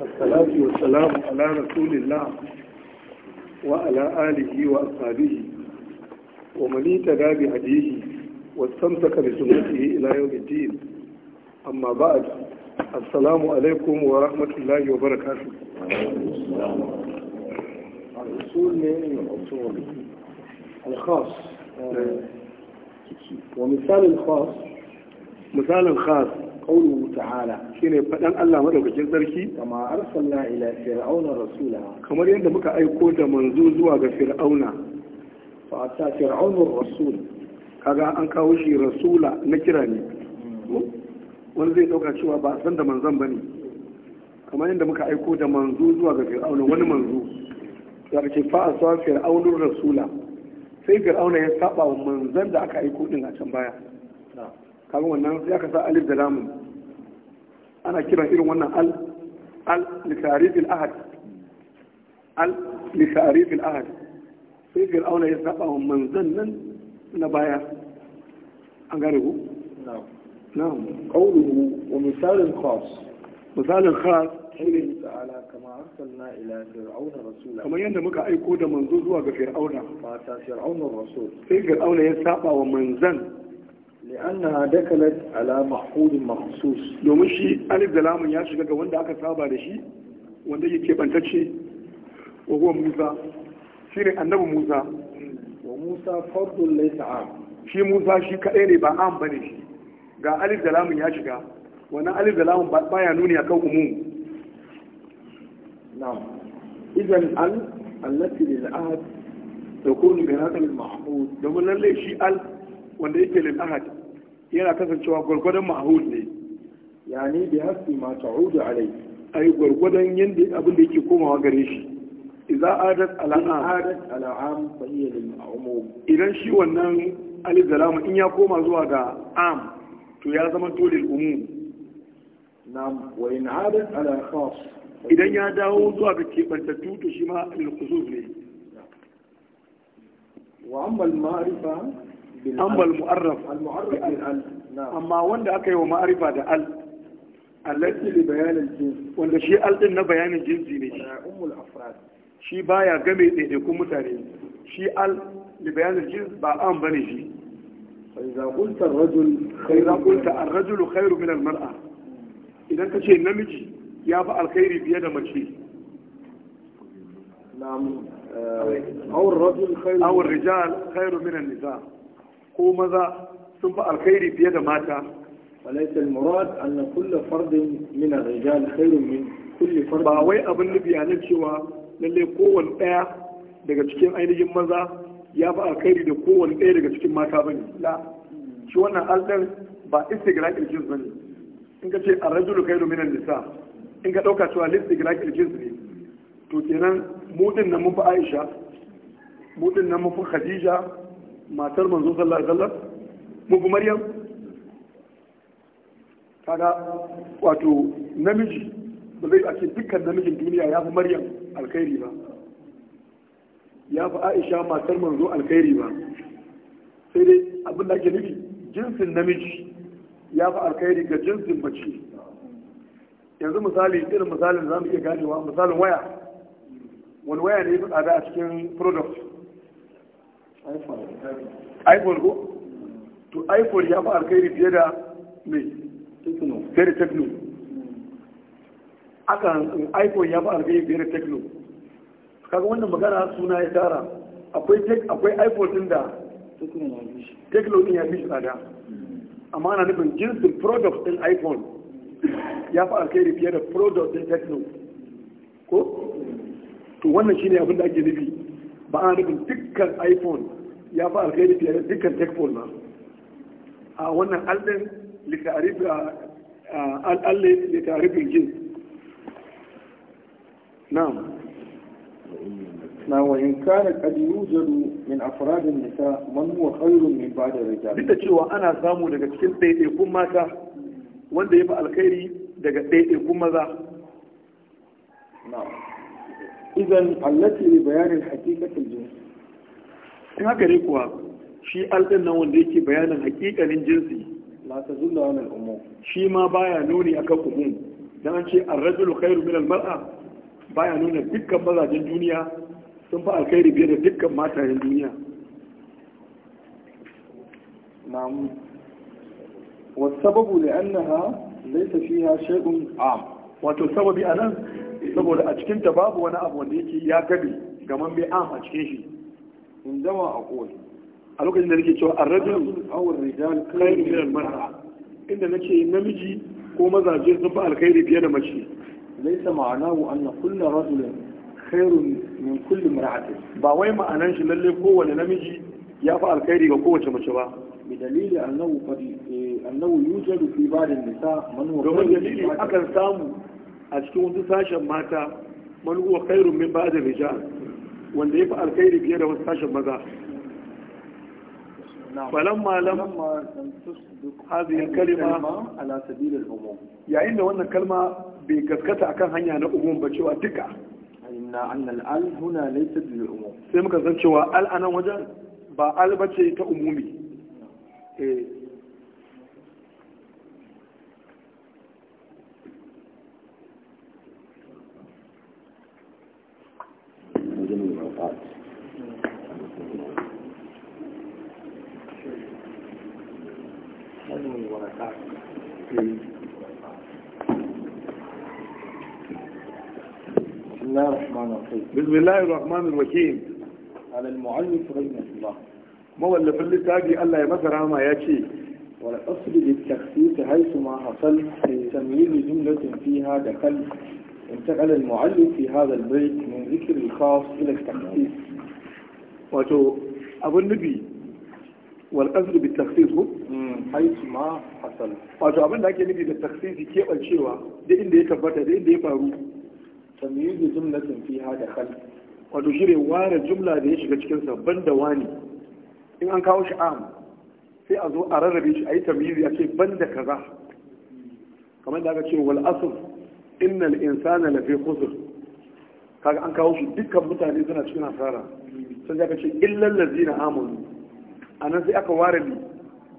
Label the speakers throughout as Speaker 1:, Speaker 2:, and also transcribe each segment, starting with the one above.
Speaker 1: والصلاة والسلام على رسول الله وعلى آله وأصحابه ومن اهتدى بهديه واستمسك بسنته إلى يوم الدين أما بعد السلام عليكم ورحمة الله وبركاته الرسول من الأصول الخاص نعم. ومثال الخاص مثال الخاص qawluhu ta'ala shine fadan Allah madaukakin sarki kama arsalna ila fir'auna rasula kamar yadda muka aiko da manzo zuwa ga fir'auna fa ta fir'aunu rasul kaga an kawo shi rasula na kira ne wani zai dauka cewa ba san da manzon bane kamar yadda muka aiko da manzo zuwa ga fir'auna wani manzo ya ce fa aswa fir'aunu rasula sai fir'auna ya saba wa manzon da aka aiko din a can baya kaga wannan ya ka sa alif da lamun ana kiran irin wannan al al litarifil ahad al litarifil ahad sai fir'auna ya saba wa manzan nan na baya an gane ku na'am qawluhu wa misalun khas misalun khas قوله تعالى كما أرسلنا إلى فرعون رسولا كما يندم كأي كود منزوز manzan. li'anna dakalat ala mahfudin makhsus domin shi alif da lamun ya shiga ga wanda aka saba da shi wanda yake bantacce wa huwa musa shine annabi musa wa musa fardun laysa shi musa shi kadai ne ba am bane shi ga alif da lamun ya shiga wannan alif da lamun baya nuni akan umum na'am al ahad domin lallai shi al wanda yake lil ahad yana kasancewa gwargwadon ma'ahud ne yani bi hasi ma ta'udu alai ai gwargwadon yanda abin da yake komawa gare shi idan adat ala adat ala am fa hiya lil umum idan shi wannan alif da in ya koma zuwa ga am to ya zama to lil umum nam wa in adat ala khas idan ya dawo zuwa ga kebantattu to shi ma lil khusus ne wa amma al ma'rifa ambal mu'arraf amma wanda aka yi wa ma'arifa da al allati li bayanin jins wanda shi al din na bayanin jinsi ne shi baya game daidaikun mutane shi al li bayanin ba an bane shi فإذا قلت الرجل فإذا قلت الرجل خير من المرأة إذا أنت شيء نمجي يا نعم أو الرجل خير أو الرجال خير من النساء ko maza sun fi alkhairi fiye da mata وليس المراد أن كل فرد من الرجال خير من كل فرد ba wai abin nufi a nan cewa lalle kowanne ɗaya daga cikin ainihin maza ya fi alkhairi da kowanne ɗaya daga cikin mata ba ne la shi wannan aldar ba istigraqil jins ba ne in ka ce arrajulu khairu minan nisa in ka ɗauka cewa listigraqil jins ne to kenan mu nan mun fi Aisha mu nan mun fi Khadija matar manzo sallallahu alaihi wasallam bugu maryam kaga wato namiji ba zai ake dukkan namijin duniya ya fi maryam alkhairi ba ya fi aisha matar manzo alkhairi ba sai dai abin da ake nufi jinsin namiji ya fi alkhairi ga jinsin mace yanzu misali irin misalin za mu iya ganewa misalin waya wani waya ne ya fi tsada a cikin product iphone ko to iphone ya fi alkhairi fiye da mai fiye da techno aka iphone ya fi alkhairi fiye da techno kaga wannan magana suna ya tara akwai akwai iphone din da techno din ya fi tsada amma ana nufin jinsin product din iphone ya fi alkhairi fiye da product din techno ko to wannan shine abin da ake nufi ba a nufin dukkan iphone ya fi alkhairi fiye da dukkan techphone ba a wannan allin littarifin jin na'am na wayan kana kadiru jaru min afradin nisa manuwa huwa mai min ba'da rita duk da cewa ana samu daga cikin ɗaiɗaikun mata wanda ya fi alkhairi daga ɗaiɗaikun maza na'am idan allati li bayanin haqiqatul jins in haka ne kuwa shi alɗin nan wanda yake bayanin haƙiƙanin jinsi la ta zulla wani al'ummu shi ma baya nuni akan umum dan an ce ar-rajulu khairu min al-mar'a baya nuna dukkan mazajen duniya sun fi alkhairi biye da dukkan matayen duniya na'am wasu sababu da annaha laisa fiha shay'un am wato sababi anan saboda a cikin ta babu wani abu wanda yake ya gabe gaman bai am a cikin shi in zama a kowace a lokacin da nake cewa rajin awon rijal kai da mara, inda nake namiji ko mazaje sun fi alkhairi fiye da mace Zai laisa ma'anahu anna kullu rajulin khairun min kulli imra'atin ba wai ma'anan shi lalle kowane namiji ya fi alkhairi ga kowace mace ba بدليل أنه قد أنه يوجد في بعض النساء من هو ومن دليل أكن سامو a cikin wasu sashen mata man huwa khairun min ba'd rijal wanda yafi alkhairi fiye da wasu sashen maza falamma lam hadhihi kalima ala sabil al-umum yayin da wannan kalma bai gaskata akan hanya na umum ba cewa duka inna annal al huna laysa bil umum sai muka san cewa al anan wajen ba al bace ta umumi eh الله الرحمن الرحيم بسم الله الرحمن الرحيم على المعلم رحمه الله مولف الكتابي الله يمسر ما يأتي والأصل للتخصيص حيث ما حصل في تمييز جملة فيها دخل انتقل المعلم في هذا البيت من ذكر الخاص إلى التخصيص وتو أبو النبي والأصل بالتخصيص حيث ما حصل وتو أبو النبي بالتخصيص كيف الشيوة دي إن دي تبتة دي إن دي فاروه tamyizu jumlatin fiha da khal wato shine ware jumla da ya shiga cikin sa banda wani in an kawo shi am sai a zo a rarrabe shi a yi tamyizi a ce banda kaza kamar da aka ce wal asr innal insana lafi khusr kaga an kawo shi dukkan mutane suna cikin asara sai da aka ce illal ladzina amanu anan sai aka ware ni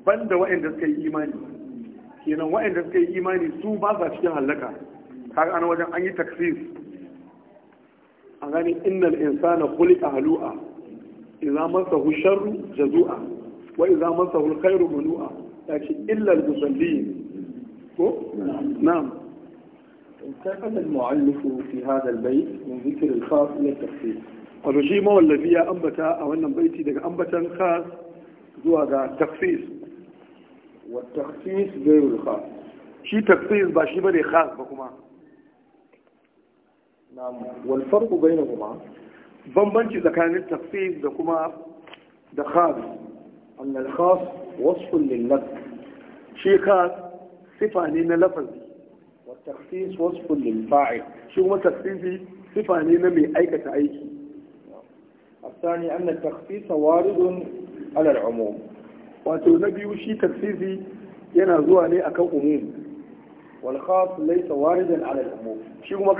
Speaker 1: banda waɗanda suka yi imani kenan waɗanda suka yi imani su ba sa cikin halaka kaga an wajen an yi taksir a gani innal insana khuliqa halu'a idza masahu sharru jazu'a wa idza masahu alkhairu manu'a yace illa al ko na'am انتقل المؤلف في هذا البيت من ذكر الخاص الى التفصيل wato shi mawallafi ya ambata a wannan baiti daga ambatan khas zuwa ga takfis wa takfis gairul khas shi takfis ba shi khas ba kuma wal baina bainahuma bambanci tsakanin tafsir da kuma da khas an al khas wasf shi khas sifa na lafazi wa takhsis wasf lil fa'il shi kuma na aikata aiki الثاني أن التخصيص وارد على العموم wato na biyu shi tafsiri yana zuwa ne akan umum wal khas laysa waridan ala shi kuma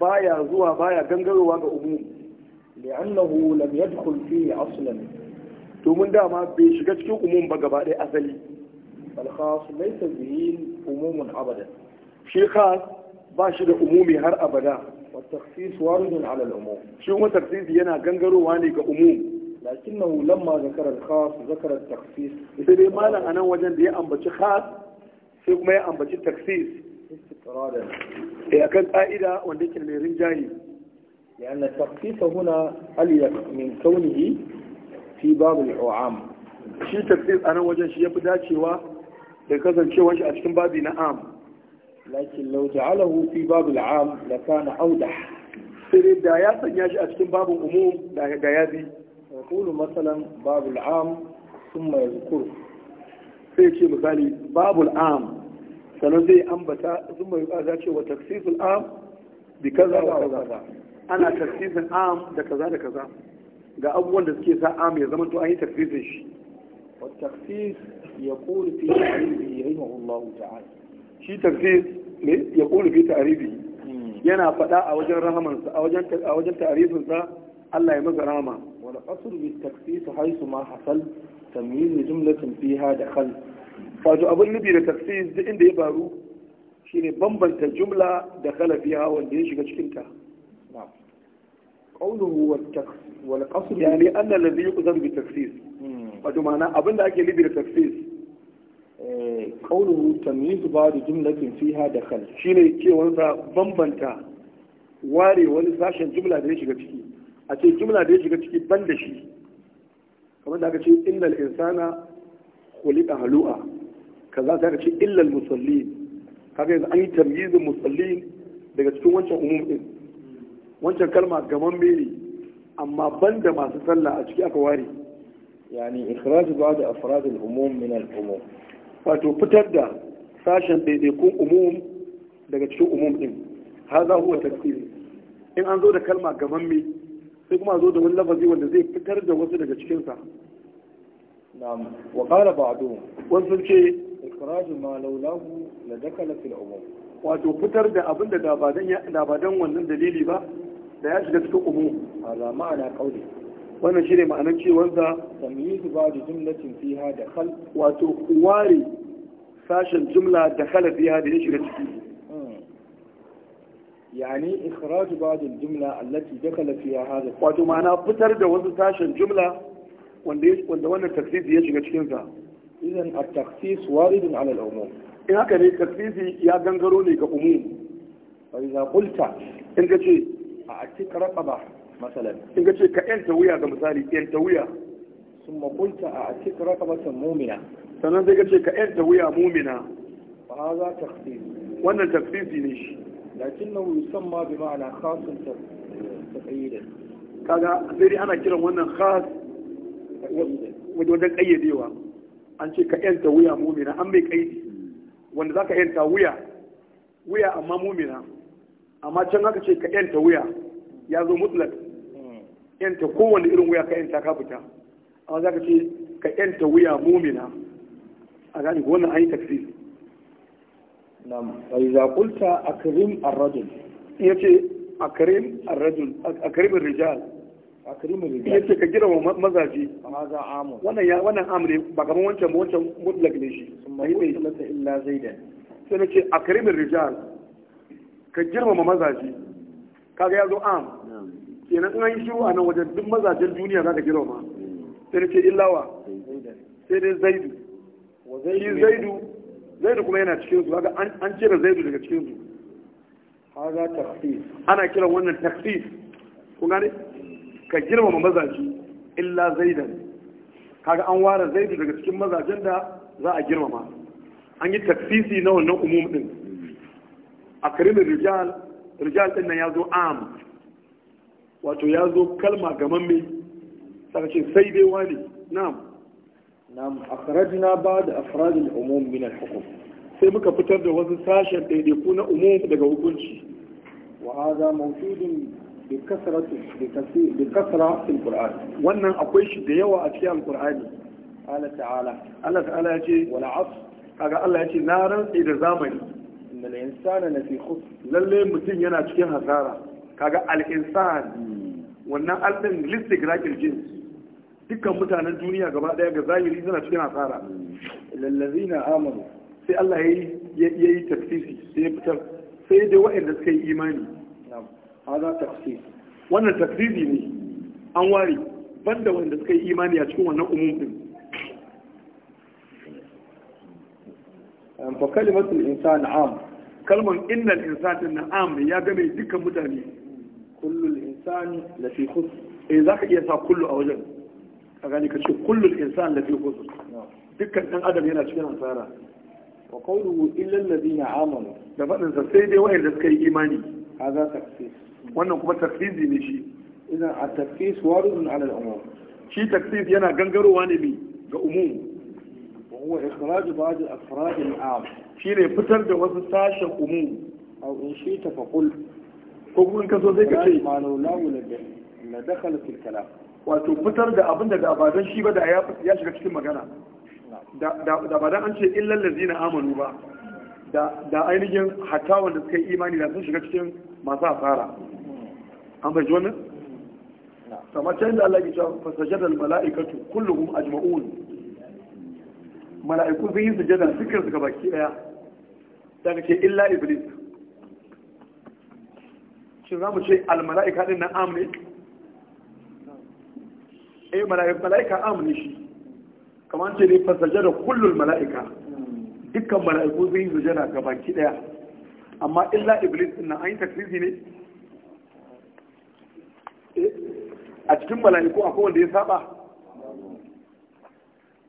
Speaker 1: baya zuwa baya gangarowa ga umum li'annahu lam yadkhul fihi aslan domin dama bai shiga cikin umum ba gaba ɗaya asali al khas laysa bihi umumun abada shi khas ba shi da umumi har abada wa takhsis waridun ala al umum shi kuma takhsis yana gangarowa ne ga umum لكنه لما ذكر الخاص ذكر التخصيص سيدي مالا أنا وجن دي أنبتي خاص سيكما يا أنبتي تخصيص استقرارا Eh, akan ka'ida wanda ke mai rinjaye لأن التخصيص هنا أليق min kaunihi في babu العام shi tafsir a nan wajen shi ya fi dacewa da kasancewar shi a cikin babi na am lakin lau ja'alahu fi babu al'am la kana auda sai da ya sanya shi a cikin babin umum da ya bi yaqulu masalan babu al'am thumma yadhkur sai ce misali babu al'am sannan zai ambata sun mai yuka ce wa taksisul am bi kaza wa kaza ana taksisin am da kaza da kaza ga abubuwan da suke sa am ya zama to an yi taksisin shi wa taksis ya kuri fi ta'aribi rahimahullah ta'ala shi taksis ne ya kuri fi ta'aribi hmm. yana faɗa a wajen rahamansa a wajen a wajen ta'arifinsa Allah ya masa rahama wa al-asr bi taksis haythu ma hasal tamyiz jumlatin fiha dakhal wato abin nufi da taksis duk inda ya faru shine bambanta jumla da khalafiya wanda ya shiga cikin ta qawluhu wat taksis wal qasr yani anna alladhi yuqsam bi taksis hmm. wato mana abin da ake nufi da taksis eh, qawluhu tamyiz ba'd jumlatin fiha dakhal shine cewa sa bambanta ware wani sashen jumla da ya shiga ciki a ce jumla da ya shiga ciki ban da shi kamar da aka ce innal insana khuliqa halu'a kaza ta ka ce illal musallin kaga yanzu an yi tamyizin musallin daga cikin wancan umum din wancan kalma gaman meri amma banda masu sallah a ciki aka ware yani ikhraj ba'd afrad al-umum min al-umum wato fitar da sashen daidaikun umum daga cikin umum din haza huwa tafsiri in an zo da kalma gaban me sai kuma zo da wani lafazi wanda zai fitar da wasu daga cikinsa na'am wa qala ba'du wasu ce ikraju ma laulahu la dakala fil umum wato fitar da abin da ba dan wannan dalili ba da ya shiga cikin umum ala ma'ana qauli wannan shine ma'anar cewar da tamyizu ba da jumlatin fiha da khal wato ware sashen jumla da khal fiha da ya shiga ciki yani ikhraj ba'd al-jumla allati dakala fiha hadha wato ma'ana fitar da wasu sashen jumla wanda wanda wannan tafsiri ya shiga cikin sa idan a taksis waridun alal al'umum in haka ne takfisi ya gangaro ne ga umum fa idza qulta in ka ce a atika raqaba masalan in ka ce ka yanta wuya ga misali yanta wuya summa qulta a atika raqabatan mu'mina sannan sai ka ka yanta wuya mu'mina fa hadha taksis wannan taksisi ne shi lakinnahu yusamma bi ma'ana khasun taqyidan kaga sai ana kiran wannan khas wajen kayyadewa an ce ka yanta wuya mumina an mai kaidi wanda za ka yanta wuya wuya amma mumina amma can haka ce ka yanta wuya ya zo mutlak yanta kowane irin wuya ka yanta ka fita amma za ka ce ka yanta wuya mumina a gani ko wannan an yi tafsir nam fa iza qulta akrim ar-rajul yace akrim ar-rajul akrim ar-rijal yace ka girma mazaji wannan ya wannan amre ba kaman wancan ba wancan mutlak ne shi sai bai masa illa zaidan sai nace akrimir rijal ka girmama mazaji kaga ya am kenan in an yi shiru a nan wajen duk mazajen duniya za ka girma sai nace illawa sai dai zaidu shi zaidu zaidu kuma yana cikin su kaga an cire zaidu daga cikin su haza tafsir ana kiran wannan tafsir kun gane ka girmama mazaji illa zaidan kaga an ware zaidu daga cikin mazajen da za a girmama an yi tafsisi na wannan umum din a karimin rijal rijal din nan ya zo am wato ya zo kalma gaman mai saka ce sai dai wani na'am na'am akhrajna ba'd afrad al-umum min al-hukm sai muka fitar da wasu sashen daidaiku na umum daga hukunci wa hadha mawjudun بكثرة في القرآن وانا اقويش ديوة اتيا القرآن قال تعالى الله تعالى يجي ولا عصر قال الله يجي نارا إذا زامن إن الإنسان لفي خسر للي متين ينا تكين هزارة قال الإنسان وانا ألتن لستقراك الجنس dukkan mutanen duniya gaba daya ga zahiri suna cikin asara lallazina amanu sai Allah ya yi tafsiri sai ya fitar sai dai waɗanda suka yi imani hada tafsir wannan tafsiri ne an ware banda wanda suka yi imani a cikin wannan umumin din fa kalimatul insan am kalman innal insan din na am ya game dukkan mutane kullul insani la fi khusr za zaka iya sa kullu a wajen ka gani kace kullul insan la fi khus dukkan dan adam yana cikin asara wa qawluhu illa alladhina amanu da fadin sa sai dai da suka yi imani hada tafsir wannan kuma takfizi ne shi idan a takfis waridun ala al shi takfis yana gangarowa ne bi ga umum wa huwa ikhraj ba'd al-afrad al-am shi ne fitar da wasu sashen umum aw in shi ta faqul ko kuma in ka so sai ka ce ma law la la dakhala fil kalam wato fitar da abin da ba dan shi ba da ya shiga cikin magana da ba dan an ce illal ladzina amanu ba da ainihin hatta wanda suka yi imani da sun shiga cikin masu asara an bai wannan kamar can da Allah ya ce fasajar da mala'ikatu kullum a ajma'un mala'iku sun yi sujada dukkan su gabaki daya daga ce illa iblis shin za mu ce almala'ika din nan amne eh mala'ika amne shi kamar ce ne fasajar da kullum mala'ika dukkan mala'iku sun yi sujada gabaki daya amma illa iblis din nan an yi takrizi ne a cikin mala'iku akwai wanda ya saba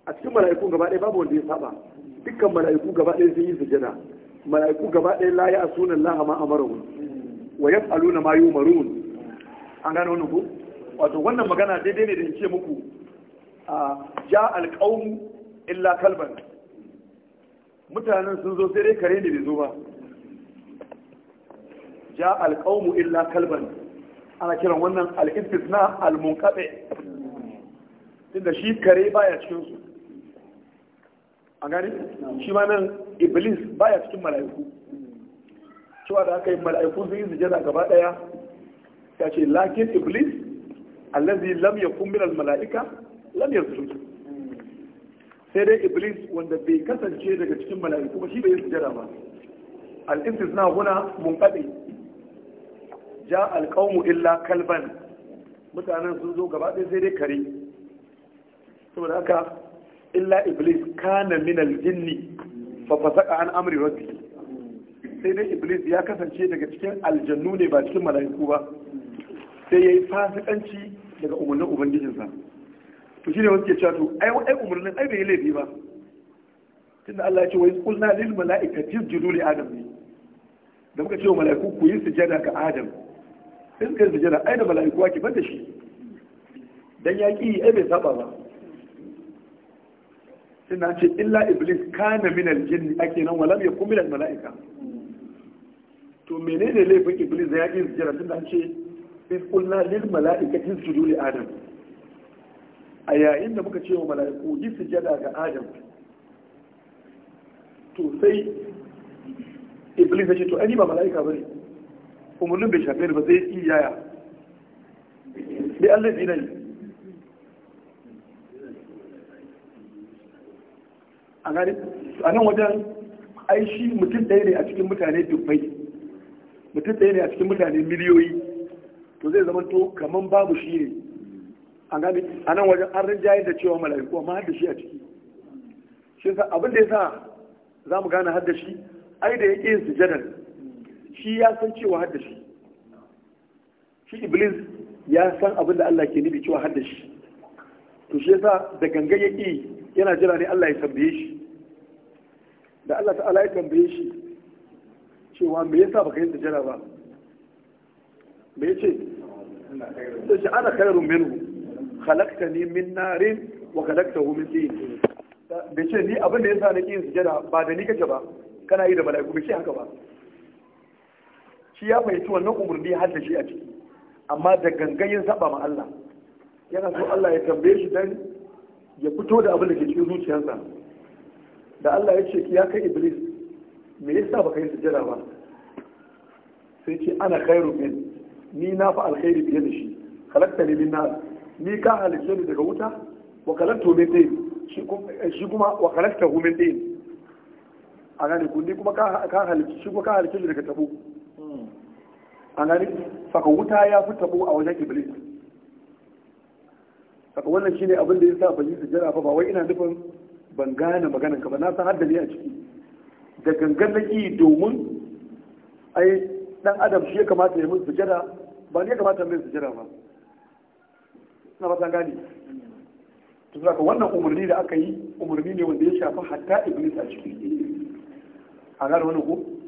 Speaker 1: a cikin mala'iku gaba ɗaya babu wanda ya saba dukkan mala'iku gaba ɗaya sun yi sujada mala'iku gaba ɗaya la ya asuna Allah ma amaru wa yas'aluna ma yumarun an gano wannan ku wato wannan magana daidai ne da in ce muku a ja alqaum illa kalban mutanen sun zo sai dai kare ne bai zo ba ja alqaum illa kalban ana kiran wannan al na almunkaɓe inda shi kare baya cikin su a gani shi ma nan iblis baya cikin mala'iku cewa da aka yi mala'iku sun yi sujada gaba daya ta ce lakin iblis allazi lam ya min al-mala'ika lam zuci. sai dai iblis wanda bai kasance daga cikin mala'iku ba shi bai yi sujada ba al na huna munkaɓe ja alƙawmu illa kalban mutanen sun zo gaba ɗaya sai dai kare saboda haka illa iblis kana min aljinni fa fasaka an amri rabbi sai dai iblis ya kasance daga cikin aljannu ne ba cikin mala'iku ba sai yayi fasikanci daga umarnin ubangijinsa to shine wasu ke cewa to ai ai umarnin ai bai laifi ba tunda Allah ya ce wai qulna lil mala'ikati isjudu li adam ne da muka ce wa mala'iku ku yi sujada ga adam sai suka yi aina mala'ikuwa da mala'iku ake shi dan ya ki ai bai saba ba suna ce illa iblis kana min aljin ake nan walam yakun min mala'ika to menene laifin iblis ya ki jira tunda ce in kulna lil malaikati sujudu li adam a yayin da muka ce wa mala'iku yi sujada ga adam to sai iblis ya ce to ani ba mala'ika bane umarnin bai shafe ba ba iya ya bi Allah zina yi a gani a nan wajen aishi mutum ɗaya ne a cikin mutane dubbai mutum ɗaya ne a cikin mutane miliyoyi to zai zama to kamar babu shi ne a gani a nan wajen an rinjaye da cewa mala'iku amma har da shi a ciki shi abin da ya sa za mu gane har da shi ai da ya ƙi yin sujadar shi ya san cewa hadda shi shi iblis ya san abin da Allah ke nufi cewa hadda shi to shi yasa da ganga ya yana jira ne Allah ya tambaye shi da Allah ta'ala ya tambaye shi cewa me yasa baka yin tijara ba me yace to shi ana khairun minhu khalaqtani min narin wa khalaqtahu min tin da ce ni abin da yasa na ƙi yin sujada ba da ni kake ba kana yi da mala'iku bai ce haka ba shi ya fahimci wannan umarni har da shi a ciki amma da gangayin saba ma Allah yana so Allah ya tambaye shi dan ya fito da abin da ke cikin zuciyarsa da Allah ya ce ya kai Iblis me yasa baka yi sujjada ba sai ce ana khairu min ni na fa alkhairi biye da shi kalakta ne min nar ni ka halice ni daga wuta wa khalaqtu min dai shi kuma wa kalakta min dai a gane ku ni kuma ka halice shi kuma ka halice daga tabo a gari saka wuta ya fi tabo a wajen iblis saka wannan shine abin da ya sa ban yi sujjara ba wai ina nufin ban gane maganan ka ba na san haddane a ciki da gangan na yi domin ai dan adam shi ya kamata ya mun jira ba ne ya kamata mai sujjada ba na ba san gani to saka wannan umarni da aka yi umarni ne wanda ya shafi hatta iblis a ciki a gari wani ko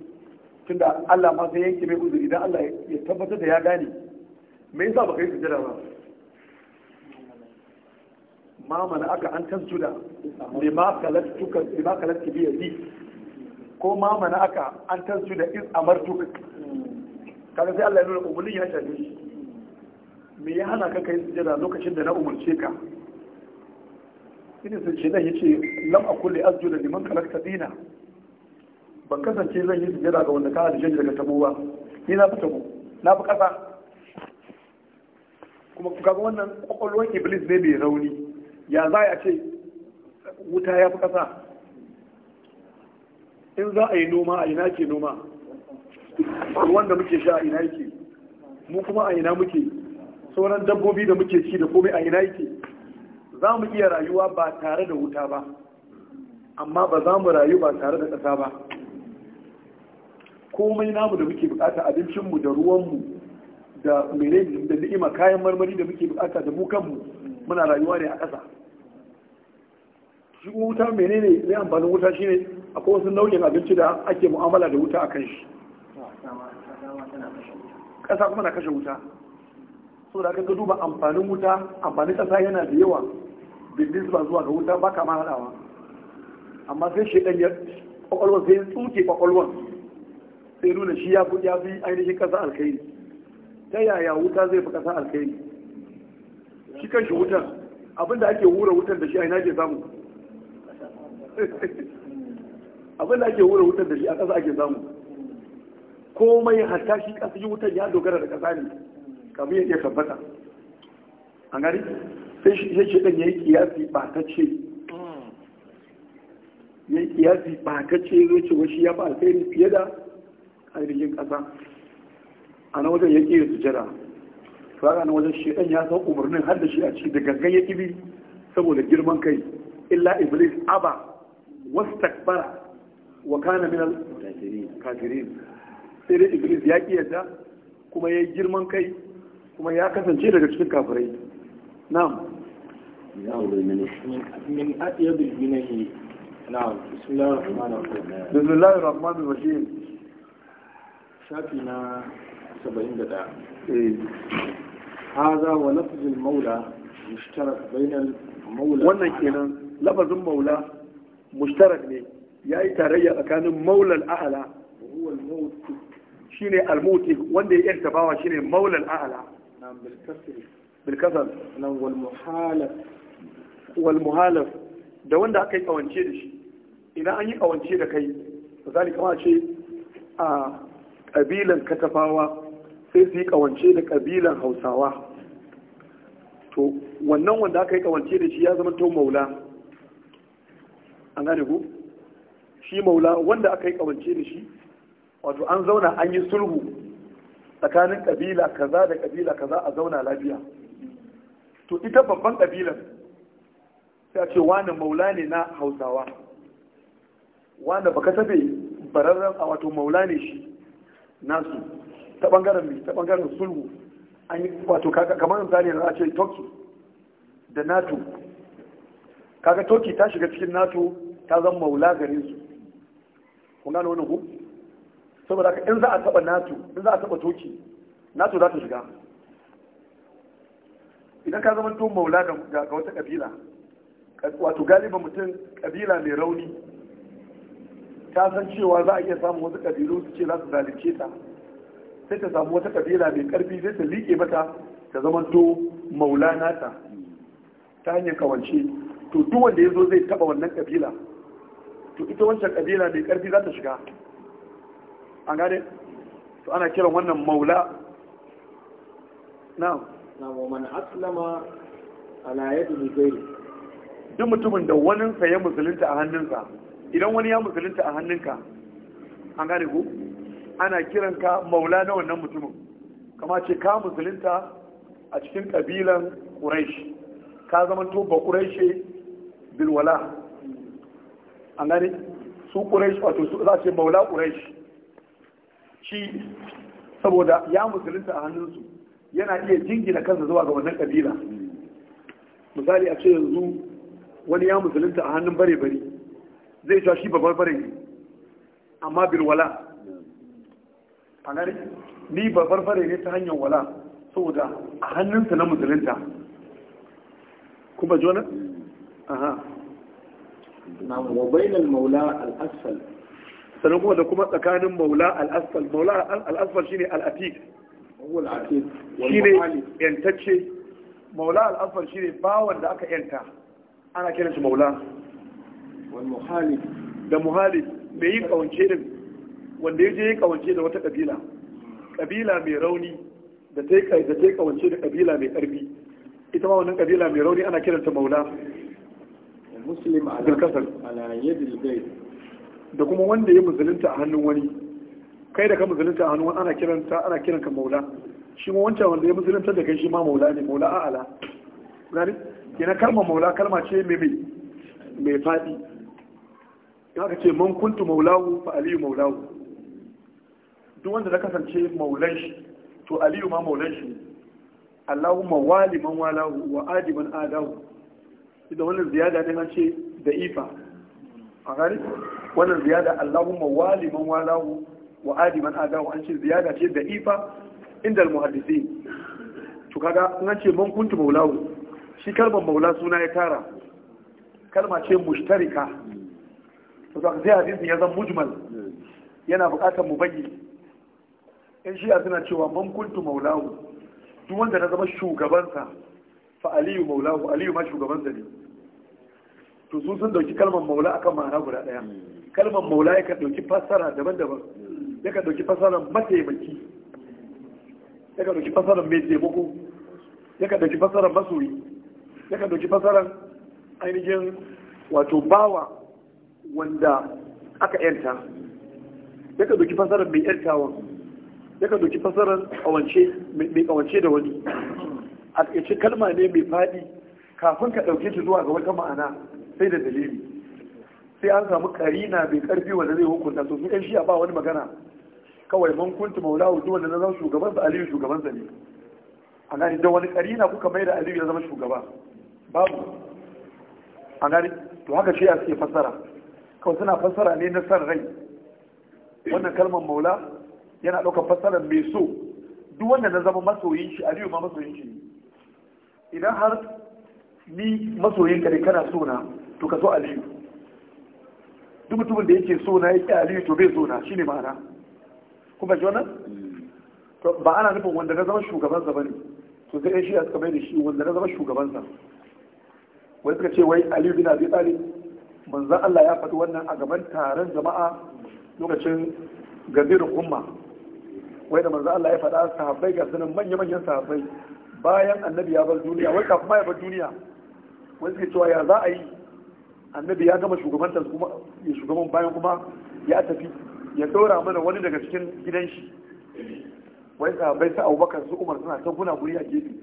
Speaker 1: tunda Allah ma sai yanke mai uzuri idan Allah ya tabbatar da ya gane me yasa baka yi sujada ba ma mana aka an tasjuda lima kalatuka ma kalatu bi yadi ko ma mana aka an da iz amartuka kaga sai Allah ya nuna ubulin ya shafe shi me ya hana ka kai sujada lokacin da na umurce ka shine sai shi nan yace lam akulli asjuda liman kalakta dina ban kasance zan yi sujada ga wanda ka halishe ni daga tabo ba ni na fi tabo na fi kasa kuma ga wannan kwakwalwar iblis ne mai rauni ya za a ce wuta ya fi kasa in za a yi noma a ina ke noma ruwan da muke sha a ina yake mu kuma a ina muke sauran dabbobi da muke ci da komai a ina yake za mu iya rayuwa ba tare da wuta ba amma ba za mu rayu ba tare da ƙasa ba komai namu da muke bukata abincinmu da ruwanmu da mene da ni'ima kayan marmari da muke bukata da mu kanmu muna rayuwa ne a ƙasa shi wuta menene ne amfanin wuta shi ne akwai wasu nau'in abinci da ake mu'amala da wuta a kan shi ƙasa kuma na kashe wuta saboda aka ga duba amfanin wuta amfanin ƙasa yana da yawa bindin ba zuwa ga wuta ba kama haɗawa amma sai shi ɗan ya ƙwaƙwalwar sai tsuke ƙwaƙwalwar sai nuna shi ya fi ainihin ƙasa alkhairi ta yaya wuta zai fi ƙasa alkhairi shi kan shi wutan abinda ake hura wutan da shi a ina ke samu abinda ake wura wutan da shi a ƙasa ake samu komai hatta shi ƙasa yi wutan ya dogara da ƙasa ne kamar yadda ya tabbata an gari sai shi ya ce ɗan ya yi kiyasi ba ta ce ya yi kiyasi ba ta ce zo ce wa shi ya fi alkhairi fiye da ainihin ƙasa a nan wajen ya ƙi sujada to haka nan wajen shedan ya san umarnin har da shi a ciki da gangan ya ƙibi saboda girman kai illa iblis aba wastakbara wa kana min al kafirin sai dai iblis ya ƙi yadda kuma ya yi girman kai kuma ya kasance daga cikin kafirai na'am من أطيب الجنه نعم بسم الله الرحمن الرحيم بسم الله الرحمن الرحيم shafi na 71 eh. haza wa lafzul maula mushtarak bainal maula wannan kenan lafazin maula mushtarak ne ya yi tarayya tsakanin maulal a'ala shine almuti wanda ya yarta bawa shine maulal a'ala bilkasar nan wal da wanda aka yi kawance da shi idan an yi kawance da kai misali kama ce a ƙabilan katafawa sai su yi ƙawance da ƙabilan hausawa to wannan wanda aka yi ƙawance da shi ya zama to maula an gane ku shi maula wanda aka yi ƙawance da shi wato an zauna an yi sulhu tsakanin ƙabila kaza da ƙabila kaza a zauna lafiya to ita babban ƙabilan sai a ce wani maula ne na hausawa wani baka tabe bararren a wato maula ne shi nasu ta bangaren mai ta bangaren sulhu an yi wato kamar misali na ce turkey da nato kaga turkey ta shiga cikin nato ta zama maula gare su kun gano wani ku saboda haka in za a taba nato in za a taba turkey nato za ta shiga idan ka zama to maula ga wata kabila wato galiba mutum kabila mai rauni ta san cewa za a iya samun wasu kabilu su ce za su zalunce ta sai ta samu wata kabila mai karfi sai ta liƙe mata ta to maula nata ta hanyar kawance to duk wanda ya zo zai taba wannan kabila to ita wancan kabila mai karfi za ta shiga an gane to ana kiran wannan maula na wa man aslama ala yadi duk mutumin da wani ya musulunta a hannunsa idan wani ya musulunta a hannunka an gane ku ana kiranka maula na wannan mutumin kama ce ka musulunta a cikin kabilan ƙuraish ka zama to ba bilwala an gane su ƙuraish wato su za ce maula ƙuraish shi saboda ya musulunta a hannunsu yana iya jingina kansa zuwa ga wannan kabila misali a ce yanzu wani ya musulunta a hannun bare-bare zai sha shi babban fare ne amma bil wala a gani ni babbar fare ne ta hanyar wala saboda a hannunsa na musulunta kuma jona aha na wabain al-maula al-asfal sannan kuma da kuma tsakanin maula al-asfal maula al-asfal shine al-atiq shine yantacce maula al-asfal shine bawon da aka yanta ana kenan shi maula da muhalif mai yin kawance din wanda ya je ya kawance da wata kabila kabila mai rauni da ta yi kawance da kabila mai karfi ita ma wannan kabila mai rauni ana kiranta maula muslim ala yadil bayt da kuma wanda ya musulunta a hannun wani kai da ka musulunta a hannun wani ana kiranta ana kiranka maula shi ma wancan wanda ya musulunta da kai shi ma maula ne maula a'ala gani maula kalma ce mai mai fadi da aka ce man kuntu maulahu fa aliyu maulahu duk wanda na kasance maulan shi to aliyu ma maulan shi allahumma wali man walahu wa adiman adahu idan wannan ziyada ne an ce da ifa a gari wannan ziyada allahumma wali man walahu wa adiman adahu an ce ziyada ce da ifa inda almuhaddisin to kaga an ce man kuntu maulahu shi kalmar maula suna ya tara kalma ce mushtarika to za sai hadisin ya zan mujmal yana bukatar mu bayyi in shi suna cewa man kuntu maulahu duk wanda na zama shugabansa fa aliyu maulahu aliyu ma shugabansa ne to su sun dauki kalmar maula akan ma'ana guda daya kalmar maula yakan dauki fassara daban-daban yakan dauki fassarar mataimaki yakan dauki fassarar mai taimako yakan dauki fassarar masoyi yakan dauki fassarar ainihin wato bawa wanda aka yanta ya ka doki fasarar mai yantawan ka doki fasarar mai kawance da wani a takaice kalma ne mai faɗi kafin ka ɗauke shi zuwa ga wata ma'ana sai da dalili sai an samu karina mai ƙarfi wanda zai hukunta su ɗan shi ba wani magana kawai man kuntu maula duk wanda na zama shugaban sa aliyu shugaban sa ne a gani da wani karina kuka mai da aliyu ya zama shugaba babu a gani to haka shi a fasara. kawai suna fassara ne na san rai wannan kalmar maula yana ɗaukar fassarar mai so duk wanda na zama masoyin shi aliyu ma masoyin shi idan har ni masoyin ka ne kana so na to ka so aliyu duk mutumin da yake so na ya ƙi aliyu to bai so na shi ne ma'ana kuma ji wannan ba ana nufin wanda na zama shugabansa ba ne to sai shi a suka mai da shi wanda na zama shugabansa Wani suka ce wai aliyu bin abi talib manzan Allah ya faɗi wannan a gaban taron jama'a lokacin gazirin umma wai da manzan Allah ya faɗa sahabbai ga sunan manya-manyan sahabbai bayan annabi ya bar duniya wai kafin ma ya bar duniya wani suke cewa ya za a yi annabi ya gama shugabantar kuma ya shugaban bayan kuma ya tafi ya ɗora mana wani daga cikin gidan shi wai sahabbai sa abubakar su umar suna ta guna guri a gefe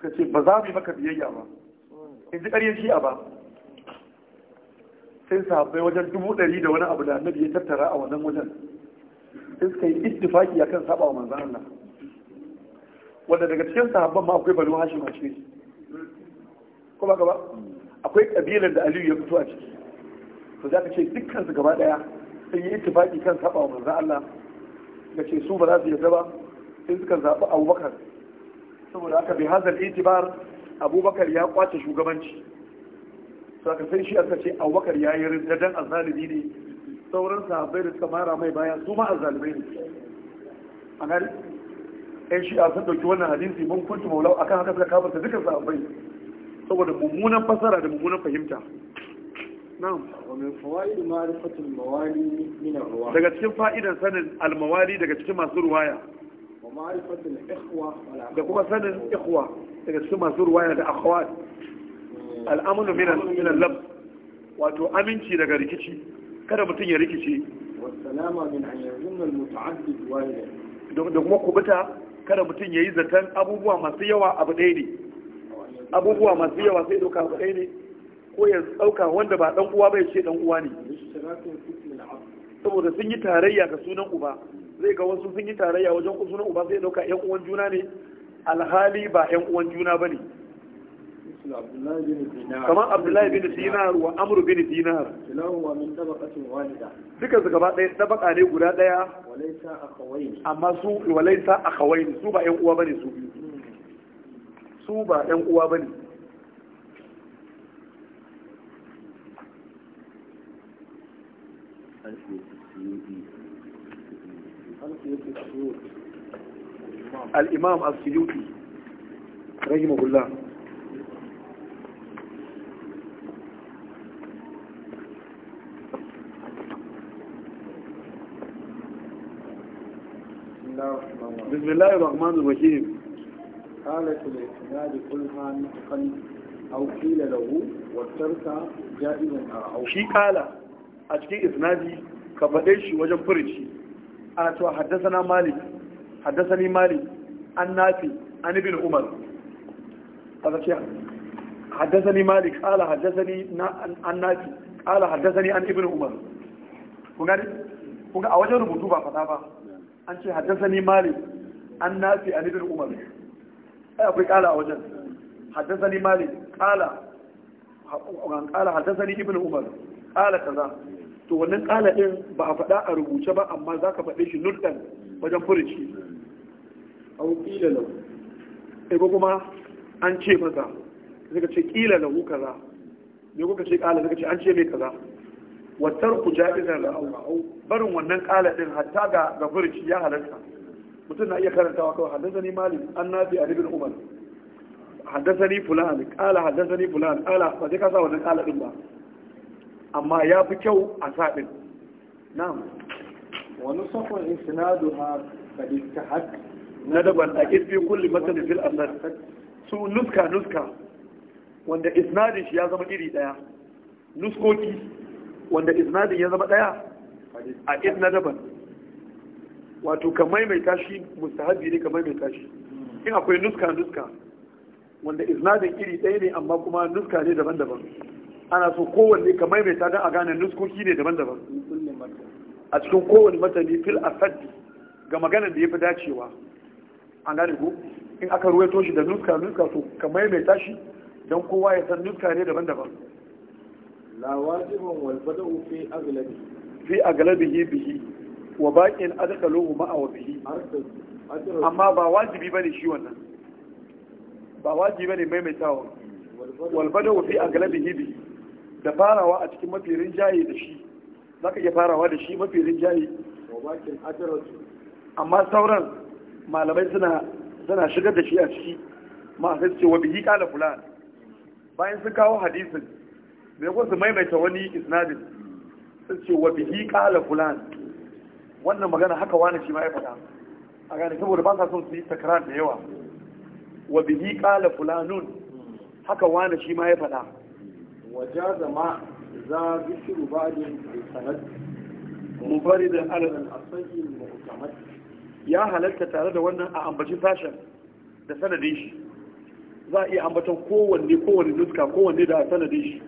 Speaker 1: suka ce ba za mu yi maka biyayya ba in ji ƙarya a ba sai sahabbai wajen dubu ɗari da wani abu da annabi ya tattara a wannan wajen sai suka yi ittifaki akan saba wa manzon Allah wanda daga cikin sahabban ma akwai banu hashim a ciki kuma gaba akwai kabilar da aliyu ya fito a ciki to za ka ce dukkan su gaba daya sun yi ittifaki kan saba wa manzon Allah ga ce su ba za su yarda ba sai suka zaɓi abubakar saboda haka bai hazar itibar abubakar ya kwace shugabanci sakasai shi aka ce abubakar ya yi rinta dan azalibi ne sauran sahabbai da suka mara mai baya su ma azalibai ne a ɗan shi a sun ɗauki wannan hadisi mun kuntu maulau kan haka suka kafarta dukkan sahabbai saboda mummunan fasara da mummunan fahimta na'am wa min fawaid ma'rifatul mawali min ar-ruwa daga cikin fa'idan sanin al-mawali daga cikin masu ruwaya wa ma'rifatul ikhwa da kuma sanin ikhwa daga cikin masu ruwaya da akhwat al'amunu minan lam wato aminci daga rikici kada mutum ya rikice da kuma kubuta kada mutum ya yi zaton abubuwa masu yawa abu ɗaya ne abubuwa masu yawa sai ɗauka abu ɗaya ne ko ya ɗauka wanda ba ɗan uwa bai ce ɗan uwa ne saboda sun yi tarayya ga sunan uba zai ga wasu sun yi tarayya wajen sunan uba sai ɗauka ƴan uwan juna ne alhali ba ƴan uwan juna ba ne kamar abdullahi bin dinar wa amru bin dinar duka su gaba ɗaya tabaka ne guda ɗaya amma su walaisa a kawai su ba yan uwa bane su biyu su ba yan uwa bane al-imam al-siyuti rahimahullah بسم الله الرحمن الرحيم قالت الإسناد كلها نطقا أو قيل له والترك جائز أو شي قال أشكي إسنادي كبديش وجن فرشي أنا تو حدثنا مالك حدثني مالك عن نافي عن ابن عمر هذا حدثني مالك قال حدثني عن نافي قال حدثني عن ابن عمر kun gani kun ga a wajen rubutu ba fada ba an ce haddasani malik an nafi an ibn umar ai akwai kala a wajen haddasani malik kala kala haddasani ibn umar kala kaza to wannan kala din ba a faɗa a rubuce ba amma za ka faɗe shi nurdan wajen furuci au kila lau sai ko kuma an ce maza sai ka ce kila lahu kaza ne kuka ce kala sai ka ce an ce mai kaza wattar ku ja'izan au barin wannan kala hatta ga ga shi ya halarta mutum na iya karantawa kawai Haddasa ni, malik an nafi a ribin umar ni, fulani kala ni, fulani kala ba sai ka wannan kala ba amma ya fi kyau a sa din na'am wani sakon isnadu ha kadi ta hak na daban a isbi kulli matan fil asad su nuska nuska wanda isnadin shi ya zama iri daya nuskoki wanda iznadin ya zama daya a idna daban wato ka maimaita shi mustahabi ne ka maimaita shi in akwai nuska nuska wanda iznadin iri ɗaya ne amma kuma nuska ne daban-daban ana so kowanne ka maimaita don a gane nuskoki ne daban-daban a cikin kowane matani fil asaddi ga maganar da ya fi dacewa an gane ku in aka ruwaito shi da nuska nuska so ka maimaita shi don kowa ya san nuska ne daban-daban la wajiban wal bada'u fi aglabi bihi wa baqin adkhaluhu ma'a wa bihi amma ba wajibi shi wannan ba wajibi bane maimaitawa wal bada'u fi aglabihi bihi da farawa a cikin mafi rinjaye da shi zaka iya farawa da shi mafi rinjaye wa baqin amma sauran malamai suna suna shigar da shi a ciki ma wa bihi qala fulan bayan sun kawo hadisin mai ko su maimaita wani isnadin sun ce wa bihi kala fulan wannan magana haka wani shi ma ya faɗa a gane saboda ba sa son su yi takrar da yawa wa bihi kala fulanun haka wani shi ma ya faɗa waja zama za bi ba da sanad mubaridan alalan asahi mu'tamad ya halatta tare da wannan a ambaci sashen da sanadin shi za a iya ambaton kowanne kowanne nuska kowanne da sanadin shi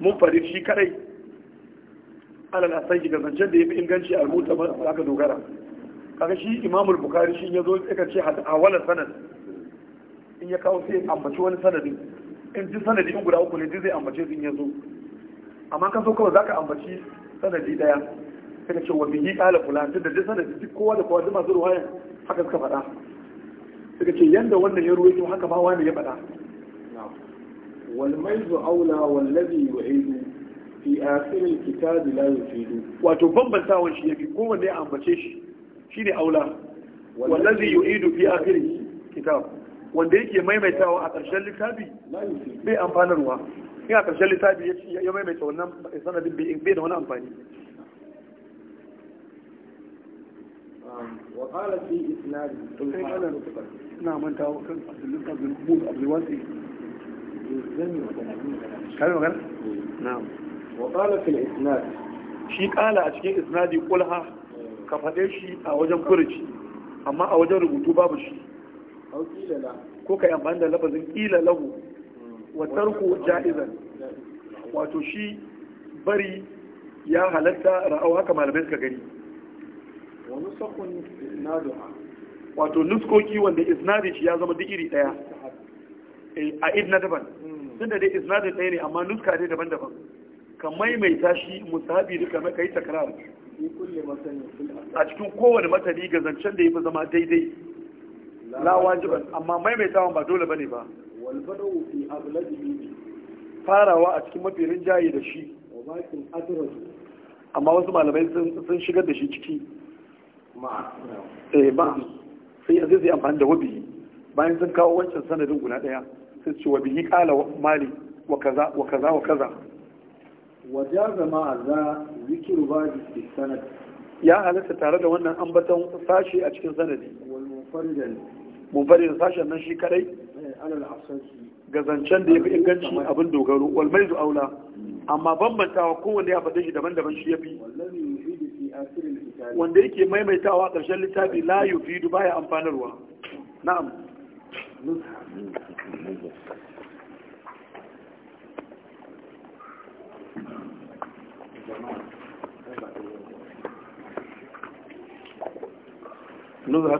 Speaker 1: mun fari shi kadai na san shi zancen da ya fi inganci a rubuta ba aka dogara kaga shi imamul bukari shi ya zo ya ce hawalar sanad in ya kawo sai ambaci wani sanadin in ji sanadi in guda uku ne ji zai ambace su in ya zo amma kan so kawai zaka ambaci sanadi daya sai ka ce wa bihi qala fulan da duk sanadi duk kowa da kowa duk masu ruwayan haka suka faɗa ka ce yanda wannan ya ruwaito haka ma wani ya faɗa والميز أولى والذي يعيد في آخر الكتاب لا يفيد وتبن بنتاون شيء في كون ده أمبتش شيء أولى والذي يعيد في آخر الكتاب wanda yake maimaitawa a ƙarshen بي bai amfanarwa in a ƙarshen littafi ya maimaita wannan sanadin بي da wani amfani وقال في إسناد سبحانه نعم أنت أبو الواسي kai magana na'am wa qala fil shi qala a cikin isnadi qulha ka faɗe shi a wajen kurici amma a wajen rubutu babu shi au qila ko kai amfani da lafazin qila lahu wa tarku ja'izan wato shi bari ya halatta ra'au haka malamai suka gani wa nusakun isnaduha wato nuskoki wanda isnadi shi ya zama duk iri daya eh, a idna daban hmm. tunda da dai isnadin ɗaya ne amma nuska dai daban-daban ka maimaita shi musabi da ka yi takrar a cikin kowane matani ga zancen da ya fi zama daidai la wajiba amma maimaitawan ba dole bane ba farawa a cikin mafi jayi da shi amma wasu malamai sun shigar da shi ciki eh ba sai yanzu sai amfani da wabi bayan sun kawo wancan sanadin guda daya sai ce wa bihi qala mali wa kaza wa kaza wa kaza wajaza ma za zikru ba bi sanad ya halatta tare da wannan ambaton sashi a cikin sanadi Mun munfaridan da sashen nan shi kadai eh, ga zancen da ya fi inganci abin dogaro wal maizu aula amma bambantawa kowanne ya faɗe shi daban-daban shi ya fi wanda yake maimaitawa ƙarshen littafi la yufidu baya amfanarwa na'am نزهة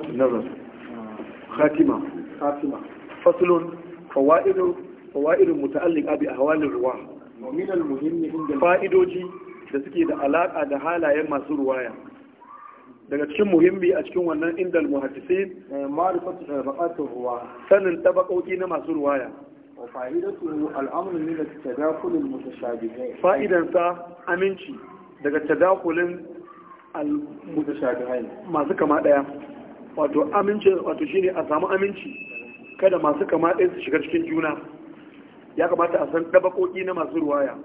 Speaker 1: النظر خاتمة خاتمة فصل فوائد فوائد متعلقة بأهوال الرواة ومن المهم عند فائدوجي da suke da alaƙa da halayen masu ruwaya daga cikin muhimmi a cikin wannan indal muhaddisin eh, ma'rifatu tabaqatu eh, ruwa sanin tabaqoki na masu ruwaya wa fa'idatu al'amru min at-tadakhul al-mutashabihin fa'idan sa aminci daga tadakhulin al-mutashabihin masu kama daya wato aminci wato shine a samu aminci kada masu kama daya su shiga cikin juna ya kamata a san tabaqoki na masu ruwaya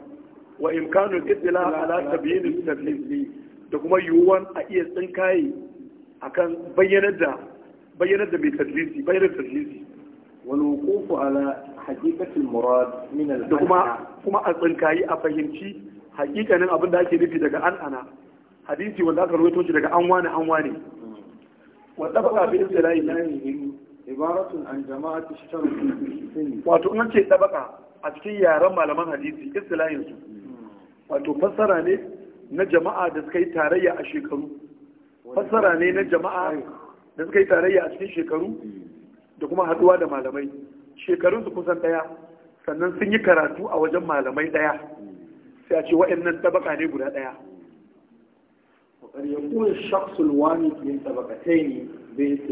Speaker 1: wa imkanul istila ala tabyin at-tadlis da kuma yiwuwan a iya tsinkaye akan a kan bayyanar da mai tadlisi bayyanar tadlisi wani wuqufu ala haqiqatil murad min da kuma kuma a tsinkaye a fahimci haƙiƙanin abin da ake nufi daga an'ana hadisi wanda aka rawaito shi daga an wani an wani ba hmm. tabaqa bi istilahi ibaratun an jama'atu shirki wato in ce tabaqa a cikin yaren malaman hadisi istilahin su hmm. wato fassara ne na jama'a da suka yi tarayya a shekaru fassara ne na jama'a da suka yi tarayya a cikin shekaru da kuma haduwa da malamai shekarun su kusan daya sannan sun yi karatu a wajen malamai daya sai a ce wa'annan tabaka ne guda daya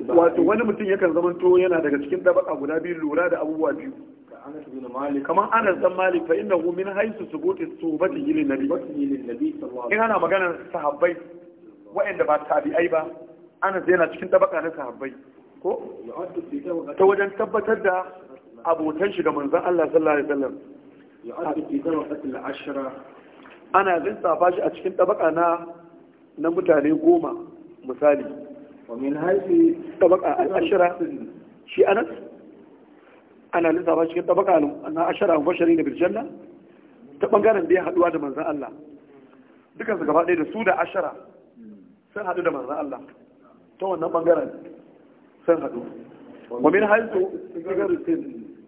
Speaker 1: wato wani mutum yakan zamanto yana daga cikin tabaka guda biyu lura da abubuwa biyu kamar anas dan malik fa innahu min haythu thubuti suhbatihi lin nabi in ana maganar sahabbai waɗanda ba tabi'ai ba anas yana cikin tabaka na sahabbai ko ta wajen tabbatar da abotan shi da manzon Allah sallallahu alaihi wasallam yu'addu fi ana lissafa shi a cikin tabaka na na mutane goma misali wa min haythu tabaqa al-ashra shi anas ana lissafa cikin tabaka na ashara bashari da birjanna ta bangaren da ya haduwa da manzan Allah dukan su gaba ɗaya da su da ashara sun hadu da manzan Allah ta wannan bangaren sun hadu wa min haizu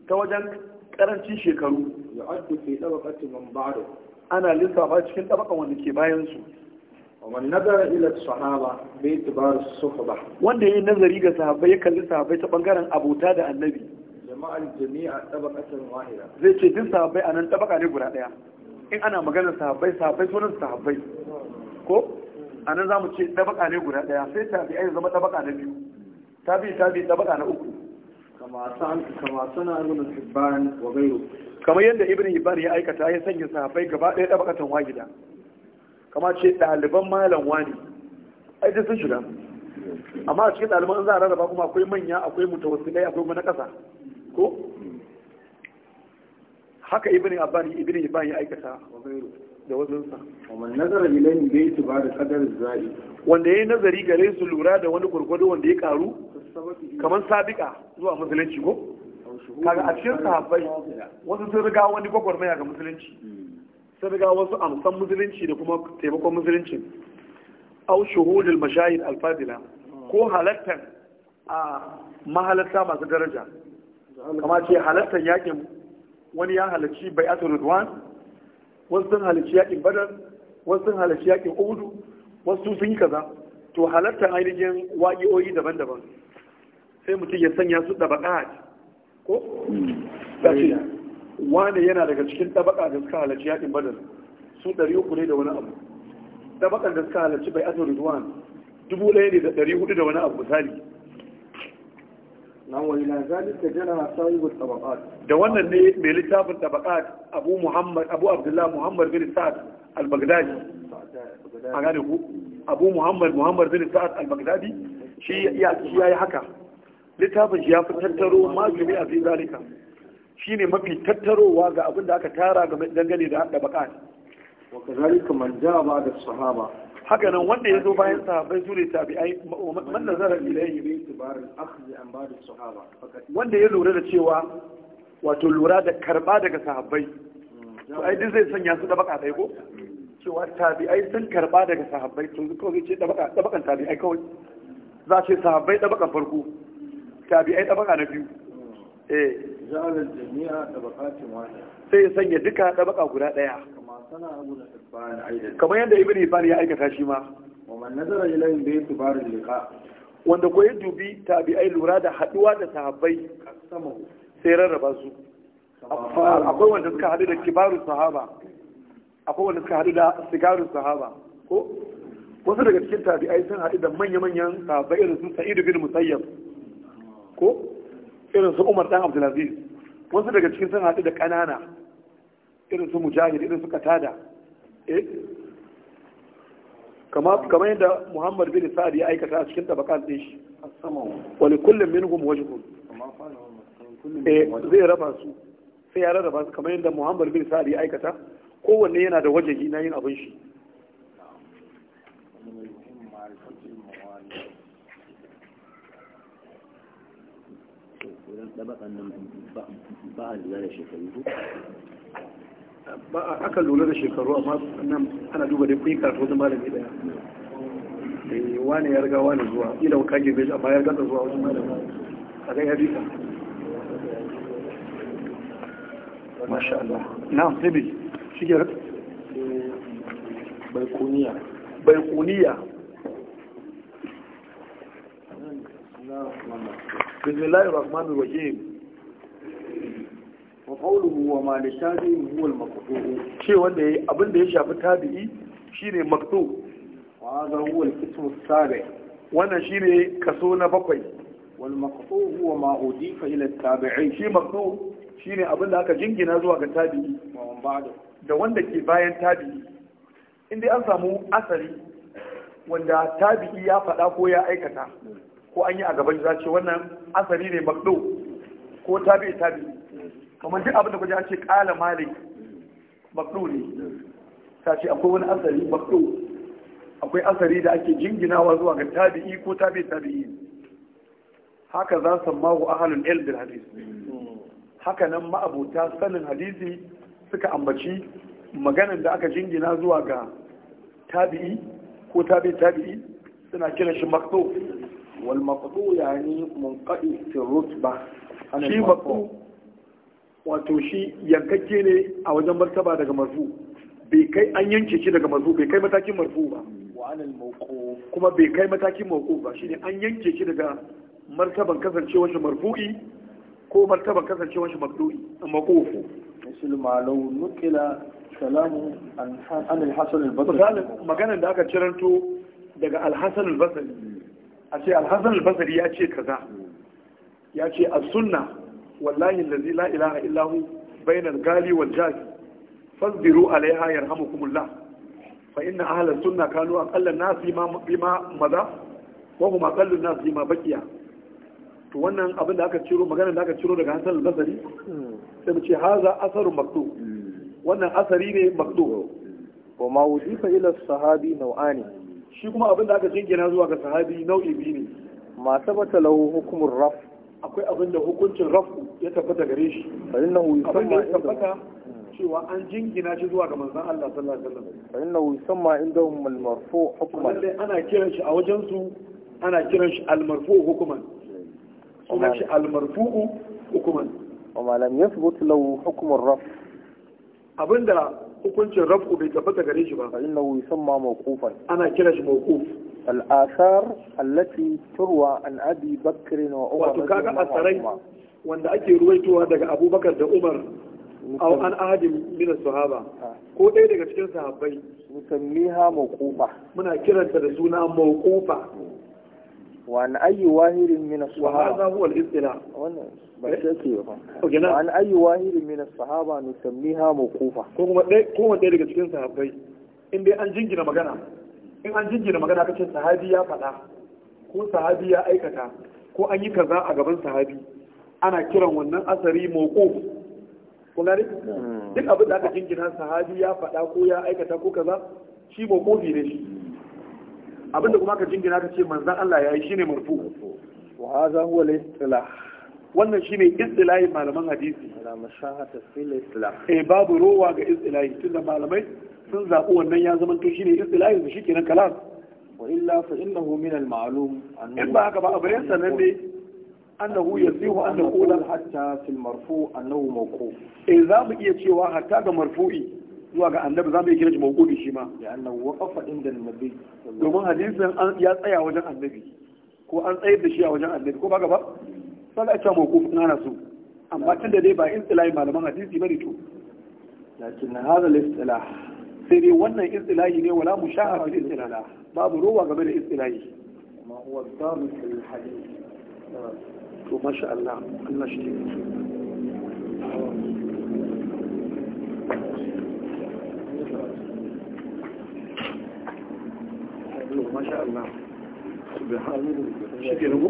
Speaker 1: ta wajen karancin shekaru addu ke tabaqati man ba'da ana lissafa cikin tabakan wanda ke bayan su ومن نظر الى الصحابه باعتبار الصحبه wanda yayin nazari ga sahabbai ya kalli sahabbai ta bangaren abota da annabi ma'al jami'a tabaqatan wahida zai ce duk sahabbai anan tabaka ne guda daya in ana magana sahabbai sahabbai sunan sahabbai ko anan zamu ce tabaka ne guda daya sai tabi'ai zama tabaka na biyu tabi tabi tabaka na uku kama san kama sana ibn hibban wa ghayru kamar yadda ibn hibban ya aikata ya sanya sahabbai gaba daya tabakatan wahida kama ce daliban malam wani ai duk sun shiga amma a cikin ɗaliban za a rarraba kuma akwai manya akwai mutawassilai akwai kuma na ƙasa ko haka ibn abani ibn ibani ya aikata da wasansa wannan nazara da yake ba da kadar zai wanda yayi nazari gare su lura da wani gurgudu wanda ya karu kamar sabika zuwa musulunci ko kaga a cikin sahabbai wasu sun riga wani gwagwarmaya ga musulunci sun riga wasu amsan musulunci da kuma taimakon musulunci au shuhudul mashahid alfadila ko halattan a mahalarta masu daraja kama ce halartar yakin wani ya halarci bai atar rudwan wasu sun halarci yakin badar wasu sun halarci yakin udu wasu sun yi kaza to halartar ainihin waƙi'o'i daban-daban sai mutum ya sanya su ɗabaƙa ko? wane yana daga cikin ɗabaƙa da suka halarci yakin badar su ɗari uku ne da wani abu ɗabaƙar da suka halarci bai atar rudwan dubu ɗaya ne da ɗari hudu da wani abu misali da wannan ne mai littafin tabaqat abu muhammad abu abdullah muhammad bin sa'ad al-baghdadi a gane ku abu muhammad muhammad bin sa'ad al-baghdadi shi ya yi haka littafin shi ya fi tattaro majumi a fi zalika shine mafi tattarowa ga abin da aka tara dangane da tabaqat wa kazalika man ja'a ba da sahaba haka nan wanda ya zo bayan sahabbai su ne tabi'ai man nazara ilayhi bi tibarin akhdhi an ba'd sahaba wanda ya lura da cewa wato lura da karba daga sahabbai mm, to ai din zai sanya su dabaka dai ko cewa tabi'ai sun karba daga sahabbai to ko zai ce dabaka dabakan tabi'ai kawai za ce sahabbai dabakan farko tabi'ai dabaka na biyu mm. eh za'al jamia dabaqatin wahida sai ya sanya duka dabaka guda daya kamar yadda ibn hibban ya aikata shi ma ومن نظر إليهم باعتبار اللقاء wanda ko ya dubi tabi'ai lura da haduwa da sahabbai sai rarraba su akwai wanda suka hadu da kibarun sahaba akwai wanda suka hadu da sigarun sahaba ko wasu daga cikin tabi'ai sun hadu da manya-manyan sahabbai irin su sa'id bin musayyab ko irin su umar dan abdulaziz wasu daga cikin sun hadu da kanana irin su mujahid irin su katada eh, kamar yadda muhammad bin sa'ad ya aikata a cikin tabakan din shi wani kullum minhum wajhun eh zai raba su sai ya rarraba su kamar yadda muhammad bin sa'ad ya aikata kowanne yana da wajahi na yin abin shi nan ba a lura da shekaru ba aka lura da shekaru amma nan ana duba da kuyi karatu wajen malami daya eh, wani ya riga wani zuwa ila ka girbe bai amma ya riga zuwa wajen malami a ga ya rika. masha Allah na sai shi kuniya baikuniya kuniya bismillahir rahmanir rahim wa qawluhu wa ma li tabi'in huwa al-maqtu' ce wanda yayi abin da ya shafi tabi'i shine maqtu wa hadha huwa al-qism as-sabi' wannan shine kaso na bakwai wal maqtu' huwa ma udifa ila at shi maqtu' shine abin da aka jingina zuwa ga tabi'i da wanda ke bayan tabi'i inda an samu asali wanda tabi'i ya faɗa ko ya aikata ko an yi a gaban za wannan asali ne makdo ko tabi'i tabi'i kamar duk abin da kuje ake kala malik makdo ne ta ce akwai wani asali makdo akwai asali da ake jinginawa zuwa ga tabi'i ko tabi'i tabi'i haka za su mahu ahalun ilmin hadis haka nan ma'abuta sanin hadisi suka ambaci maganan da aka jingina zuwa ga tabi'i ko tabi'i tabi'i suna kiran shi makdo wal makdo yani munqadi fi rutba shi makdo wato shi yankakke ne a wajen martaba daga marfu bai kai an yanke shi daga marfu bai kai matakin marfu ba kuma bai kai matakin mauku ba shine an yanke shi daga martaban kasancewar shi marfu'i ko martaban kasancewar shi mabdu'i mauqufu misal ma nukila Salamu, an al-hasan al-basri maganar da aka ciranto daga al-hasan al-basri a ce al-hasan al-basri ya ce kaza ya ce as-sunna wallahi الذي لا إله إلا هو بين gali wal jahi عليها يرحمكم الله فإن أهل السنة كانوا أقل الناس بما مضى وهم أقل الناس بما aqallu to wannan abin da aka ciro magana da aka ciro daga Hassan al sai mu ce haza asaru maktub wannan asari ne maktub wa ma wudifa ila sahabi nau'ani shi kuma abin da aka jingina zuwa ga sahabi nau'i biyu ne ma tabata lahu hukumur raf akwai abin da hukuncin rafu ya tabbata gare shi abin da ya tabbata cewa an jingina shi zuwa ga manzon Allah sallallahu alaihi wasallam fa innahu yusamma indahum al marfu hukman ana kiran shi a wajen su ana kiran shi al marfu hukman sunan shi al marfu hukman amma lam yathbut lahu hukm ar raf abinda hukuncin rafu bai tabbata gare shi ba fa innahu yusamma mawqufan ana kiran shi mawquf al'asar allati turwa an abi bakirin wa umar wato kaga asarai wanda ake ruwaitowa daga abubakar da umar aw an ahadin min sahaba ko ɗaya daga cikin sahabbai musammiha mawqufa muna kiranta da suna mawqufa wa an ayi wahirin min sahaba wa hadha huwa al-istila wannan ba an ayi wahirin min sahaba nusammiha mawqufa ko kuma ɗaya daga cikin sahabbai in dai an jingina magana in an jingina magana kace sahabi ya faɗa ko sahabi ya aikata ko an yi kaza a gaban sahabi ana kiran wannan asari moko kun gane duk abin da aka jingina sahabi ya faɗa ko ya aikata ko kaza shi moko ne shi abin da kuma aka jingina kace manzan Allah ya yi shine marfu wa hazan wale al wannan shi ne istilahi malaman hadisi E babu rowa ga istilahi tunda malamai sun zaɓi wannan ya zama to ne istilahi da shi ke nan illa in ba haka ba abu ne sanan ne annahu yasihu an naqula hatta fil marfu annahu mawquf eh za mu iya cewa hatta ga marfu'i zuwa ga annabi za mu iya kira shi mawqufi shi ma ya annahu waqafa inda annabi domin hadisin ya tsaya wajen annabi ko an tsayar da shi a wajen annabi ko ba gaba sai da cewa mawquf in ana so amma tunda dai ba istilahi malaman hadisi bane to lakin na hada istilah sai dai wannan istilahi ne wala mushahara fil istilah babu ruwa game da istilahi amma huwa dami fil hadith to masha Allah Allah shi ما شاء الله سبحان الله شكرا